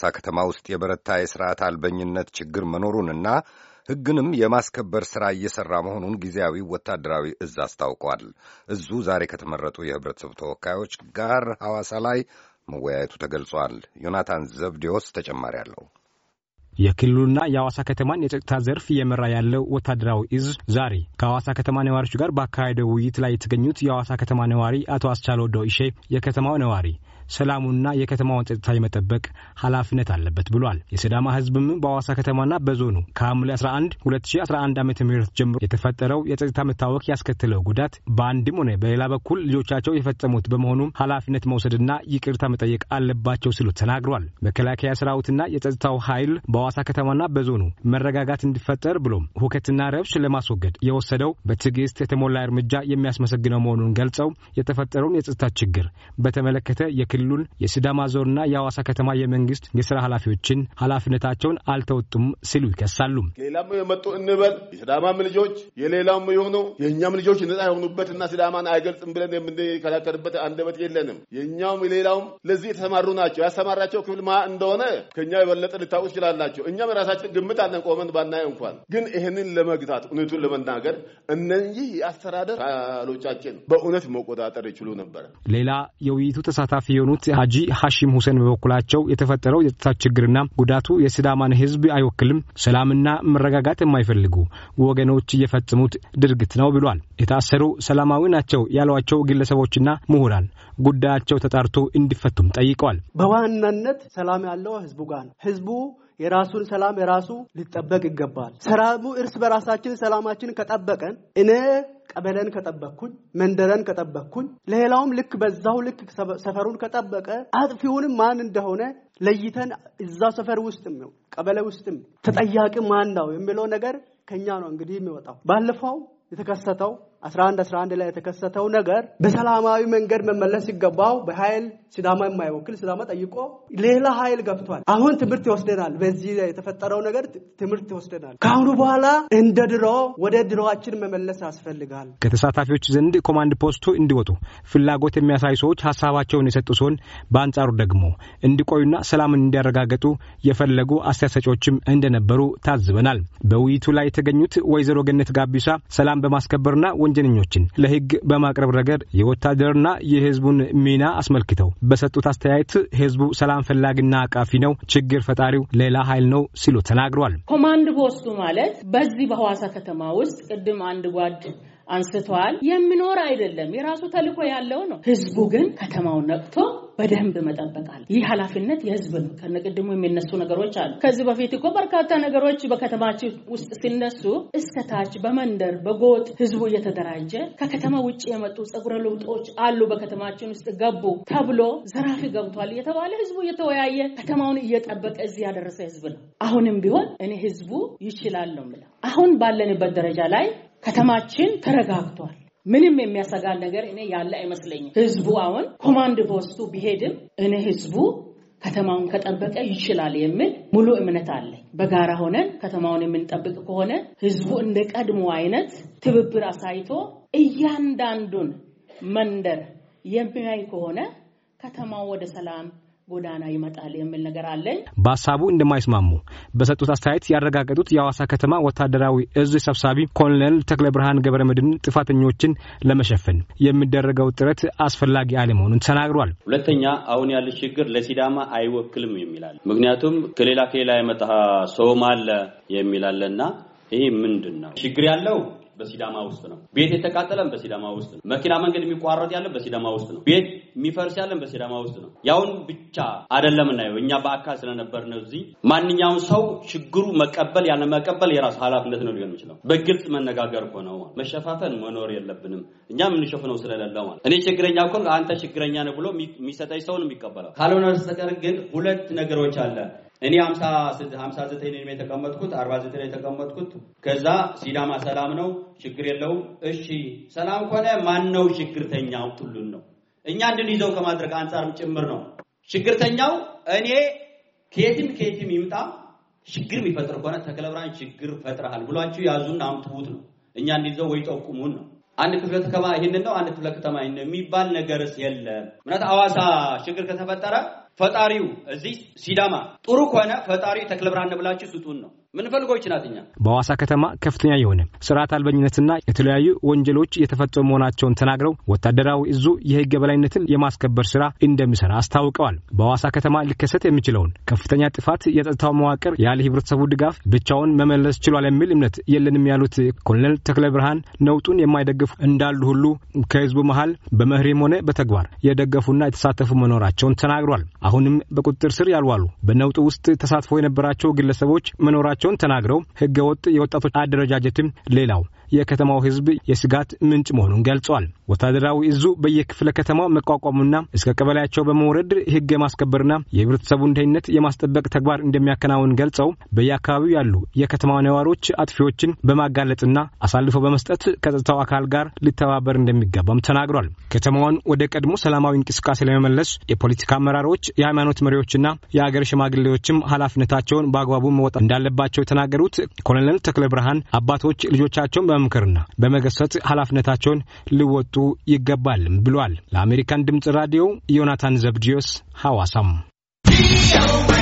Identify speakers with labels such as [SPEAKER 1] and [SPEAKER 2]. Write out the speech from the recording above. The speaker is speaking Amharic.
[SPEAKER 1] ሐዋሳ ከተማ ውስጥ የበረታ የሥርዓት አልበኝነት ችግር መኖሩንና ሕግንም የማስከበር ሥራ እየሠራ መሆኑን ጊዜያዊ ወታደራዊ እዝ አስታውቋል። እዙ ዛሬ ከተመረጡ የህብረተሰብ ተወካዮች ጋር ሐዋሳ ላይ መወያየቱ ተገልጿል። ዮናታን ዘብዴዎስ ተጨማሪ አለው። የክልሉና የአዋሳ ከተማን የጸጥታ ዘርፍ እየመራ ያለው ወታደራዊ እዝ ዛሬ ከአዋሳ ከተማ ነዋሪዎች ጋር በአካሄደው ውይይት ላይ የተገኙት የአዋሳ ከተማ ነዋሪ አቶ ወደው ዶይሼ፣ የከተማው ነዋሪ ሰላሙና የከተማውን ጸጥታ የመጠበቅ ኃላፊነት አለበት ብሏል። የሲዳማ ህዝብም በአዋሳ ከተማና በዞኑ ከሐምሌ 11 2011 ዓ ም ጀምሮ የተፈጠረው የጸጥታ መታወክ ያስከተለው ጉዳት በአንድም ሆነ በሌላ በኩል ልጆቻቸው የፈጸሙት በመሆኑም ኃላፊነት መውሰድና ይቅርታ መጠየቅ አለባቸው ሲሉ ተናግሯል። መከላከያ ሰራዊትና የጸጥታው ኃይል በአዋሳ ከተማና በዞኑ መረጋጋት እንዲፈጠር ብሎም ሁከትና ረብሽ ለማስወገድ የወሰደው በትዕግስት የተሞላ እርምጃ የሚያስመሰግነው መሆኑን ገልጸው የተፈጠረውን የጸጥታ ችግር በተመለከተ የክል የክልሉን የሲዳማ ዞንና የአዋሳ ከተማ የመንግስት የስራ ኃላፊዎችን ኃላፊነታቸውን አልተወጡም ሲሉ ይከሳሉ።
[SPEAKER 2] ሌላም የመጡ እንበል የስዳማም ልጆች የሌላም የሆኑ የእኛም ልጆች ነጻ የሆኑበትና ስዳማን አይገልጽም ብለን የምንከላከልበት አንደበት የለንም። የእኛውም ሌላውም ለዚህ የተሰማሩ ናቸው። ያሰማራቸው ክፍል ማ እንደሆነ ከኛ የበለጠ ልታውቁ ይችላላቸው። እኛም የራሳችን ግምት አለን ቆመን ባናየ እንኳን ግን ይህንን ለመግታት እውነቱን ለመናገር እነዚህ የአስተዳደር ሎቻችን በእውነት መቆጣጠር ይችሉ ነበር።
[SPEAKER 1] ሌላ የውይይቱ ተሳታፊ የሆኑ የሆኑት ሀጂ ሐሺም ሁሴን በበኩላቸው የተፈጠረው የጸጥታ ችግርና ጉዳቱ የሲዳማን ህዝብ አይወክልም፣ ሰላምና መረጋጋት የማይፈልጉ ወገኖች እየፈጸሙት ድርጊት ነው ብሏል። የታሰሩ ሰላማዊ ናቸው ያሏቸው ግለሰቦችና ምሁራን ጉዳያቸው ተጣርቶ እንዲፈቱም ጠይቀዋል።
[SPEAKER 2] በዋናነት ሰላም ያለው ህዝቡ ጋር ነው። ህዝቡ የራሱን ሰላም የራሱ
[SPEAKER 1] ሊጠበቅ ይገባል።
[SPEAKER 2] ሰላሙ እርስ በራሳችን ሰላማችን ከጠበቀን እኔ ቀበለን ከጠበቅኩኝ፣ መንደረን ከጠበቅኩኝ፣ ሌላውም ልክ በዛው ልክ ሰፈሩን ከጠበቀ አጥፊውንም ማን እንደሆነ ለይተን እዛ ሰፈር ውስጥም ቀበሌ ውስጥም ተጠያቂ ማን ነው የሚለው ነገር ከኛ ነው እንግዲህ የሚወጣው ባለፈው የተከሰተው 11 11 ላይ የተከሰተው ነገር በሰላማዊ መንገድ መመለስ ሲገባው በኃይል ሲዳማ የማይወክል ሲዳማ ጠይቆ ሌላ ኃይል ገብቷል። አሁን ትምህርት ይወስደናል። በዚህ የተፈጠረው ነገር ትምህርት ይወስደናል። ከአሁኑ በኋላ እንደ ድሮ ወደ ድሮዋችን መመለስ ያስፈልጋል።
[SPEAKER 1] ከተሳታፊዎች ዘንድ ኮማንድ ፖስቱ እንዲወጡ ፍላጎት የሚያሳዩ ሰዎች ሀሳባቸውን የሰጡ ሲሆን በአንጻሩ ደግሞ እንዲቆዩና ሰላምን እንዲያረጋገጡ የፈለጉ አስተያየት ሰጪዎችም እንደነበሩ ታዝበናል። በውይይቱ ላይ የተገኙት ወይዘሮ ገነት ጋቢሳ ሰላም ሰላም በማስከበርና ወንጀለኞችን ለህግ በማቅረብ ረገድ የወታደርና የህዝቡን ሚና አስመልክተው በሰጡት አስተያየት ሕዝቡ ሰላም ፈላጊና አቃፊ ነው፣ ችግር ፈጣሪው ሌላ ኃይል ነው ሲሉ ተናግሯል።
[SPEAKER 3] ኮማንድ ፖስቱ ማለት በዚህ በሐዋሳ ከተማ ውስጥ ቅድም አንድ ጓድ አንስተዋል፣ የሚኖር አይደለም የራሱ ተልዕኮ ያለው ነው። ህዝቡ ግን ከተማውን ነቅቶ በደንብ መጠበቅ አለ። ይህ ኃላፊነት የህዝብ ነው። ከነቅድሙ የሚነሱ ነገሮች አሉ። ከዚህ በፊት እኮ በርካታ ነገሮች በከተማችን ውስጥ ሲነሱ እስከ ታች በመንደር በጎጥ ህዝቡ እየተደራጀ ከከተማ ውጭ የመጡ ጸጉረ ልውጦች አሉ በከተማችን ውስጥ ገቡ ተብሎ ዘራፊ ገብቷል እየተባለ ህዝቡ እየተወያየ ከተማውን እየጠበቀ እዚህ ያደረሰ ህዝብ ነው። አሁንም ቢሆን እኔ ህዝቡ ይችላል ነው የምለው። አሁን ባለንበት ደረጃ ላይ ከተማችን ተረጋግቷል። ምንም የሚያሰጋል ነገር እኔ ያለ አይመስለኝም። ህዝቡ አሁን ኮማንድ ፖስቱ ቢሄድም እኔ ህዝቡ ከተማውን ከጠበቀ ይችላል የሚል ሙሉ እምነት አለ። በጋራ ሆነን ከተማውን የምንጠብቅ ከሆነ ህዝቡ እንደ ቀድሞ አይነት ትብብር አሳይቶ እያንዳንዱን መንደር የሚያይ ከሆነ ከተማው ወደ ሰላም ጎዳና ይመጣል የሚል ነገር አለኝ።
[SPEAKER 1] በሀሳቡ እንደማይስማሙ በሰጡት አስተያየት ያረጋገጡት የሐዋሳ ከተማ ወታደራዊ እዝ ሰብሳቢ ኮሎኔል ተክለ ብርሃን ገብረ መድን ጥፋተኞችን ለመሸፈን የሚደረገው ጥረት አስፈላጊ አለመሆኑን ተናግሯል።
[SPEAKER 2] ሁለተኛ አሁን ያለ ችግር ለሲዳማ አይወክልም የሚላል ምክንያቱም ከሌላ ከሌላ የመጣ ሰውም አለ የሚላለና ይህ ምንድን ነው ችግር ያለው በሲዳማ ውስጥ ነው። ቤት የተቃጠለም በሲዳማ ውስጥ ነው። መኪና መንገድ የሚቋረጥ ያለን በሲዳማ ውስጥ ነው። ቤት የሚፈርስ ያለን በሲዳማ ውስጥ ነው። ያውን ብቻ አይደለም እናየው። እኛ በአካል ስለነበር ነው እዚህ። ማንኛውም ሰው ችግሩ መቀበል ያለ መቀበል የራሱ ኃላፊነት ነው ሊሆን ይችላል። በግልጽ መነጋገር እኮ ነው። መሸፋፈን መኖር የለብንም። እኛ የምንሸፍነው ስለሌለ ማለት እኔ ችግረኛ እኮ አንተ ችግረኛ ነው ብሎ የሚሰጠኝ ሰውን የሚቀበለው ካልሆነ በስተቀር ግን ሁለት ነገሮች አለ እኔ 59 ነኝ የተቀመጥኩት፣ 49 ዘጠኝ ነው የተቀመጥኩት። ከዛ ሲዳማ ሰላም ነው ችግር የለውም። እሺ ሰላም ከሆነ ማን ነው ችግርተኛው? ሁሉን ነው እኛ እንድንይዘው ከማድረግ አንጻርም ጭምር ነው። ችግርተኛው እኔ ከየትም ከየትም ይምጣ ችግር የሚፈጥር ከሆነ ተክለብርሃን ችግር ፈጥረሃል ብሏችሁ ያዙን አምጥቡት ነው እኛ እንዲዘው ወይ ጠቁሙን ነው። አንድ ክፍለ ከተማ ይህንን ነው አንድ ክፍለ ከተማ ይህን የሚባል ነገርስ የለም። ምክንያት አዋሳ ችግር ከተፈጠረ ፈጣሪው እዚህ ሲዳማ ጥሩ ከሆነ ፈጣሪው ተክለብርሃን ብላችሁ ስጡን ነው ምንፈልገው ይችናት እኛ
[SPEAKER 1] በሐዋሳ ከተማ ከፍተኛ የሆነ ስርዓት አልበኝነትና የተለያዩ ወንጀሎች የተፈጸሙ መሆናቸውን ተናግረው ወታደራዊ እዙ የህግ የበላይነትን የማስከበር ስራ እንደሚሰራ አስታውቀዋል። በሐዋሳ ከተማ ሊከሰት የሚችለውን ከፍተኛ ጥፋት የጸጥታው መዋቅር ያለ ህብረተሰቡ ድጋፍ ብቻውን መመለስ ችሏል የሚል እምነት የለንም ያሉት ኮሎኔል ተክለ ብርሃን ነውጡን የማይደግፉ እንዳሉ ሁሉ ከህዝቡ መሀል በመህሪም ሆነ በተግባር የደገፉና የተሳተፉ መኖራቸውን ተናግሯል። አሁንም በቁጥጥር ስር ያልዋሉ በነውጡ ውስጥ ተሳትፎ የነበራቸው ግለሰቦች መኖራቸው መሆናቸውን ተናግረው ህገወጥ የወጣቶች አደረጃጀትም ሌላው የከተማው ሕዝብ የስጋት ምንጭ መሆኑን ገልጿል። ወታደራዊ እዙ በየክፍለ ከተማው መቋቋሙና እስከ ቀበሌያቸው በመውረድ ህግ የማስከበርና የህብረተሰቡን ደህንነት የማስጠበቅ ተግባር እንደሚያከናውን ገልጸው በየአካባቢው ያሉ የከተማ ነዋሪዎች አጥፊዎችን በማጋለጥና አሳልፎ በመስጠት ከጸጥታው አካል ጋር ሊተባበር እንደሚገባም ተናግሯል። ከተማዋን ወደ ቀድሞ ሰላማዊ እንቅስቃሴ ለመመለስ የፖለቲካ አመራሮች፣ የሃይማኖት መሪዎችና የአገር ሽማግሌዎችም ኃላፊነታቸውን በአግባቡ መወጣት እንዳለባቸው የተናገሩት ኮሎኔል ተክለ ብርሃን አባቶች ልጆቻቸውን በመምከርና በመገሰጽ ኃላፊነታቸውን ሊወጡ ይገባል ብሏል። ለአሜሪካን ድምፅ ራዲዮ ዮናታን ዘብዲዮስ ሐዋሳም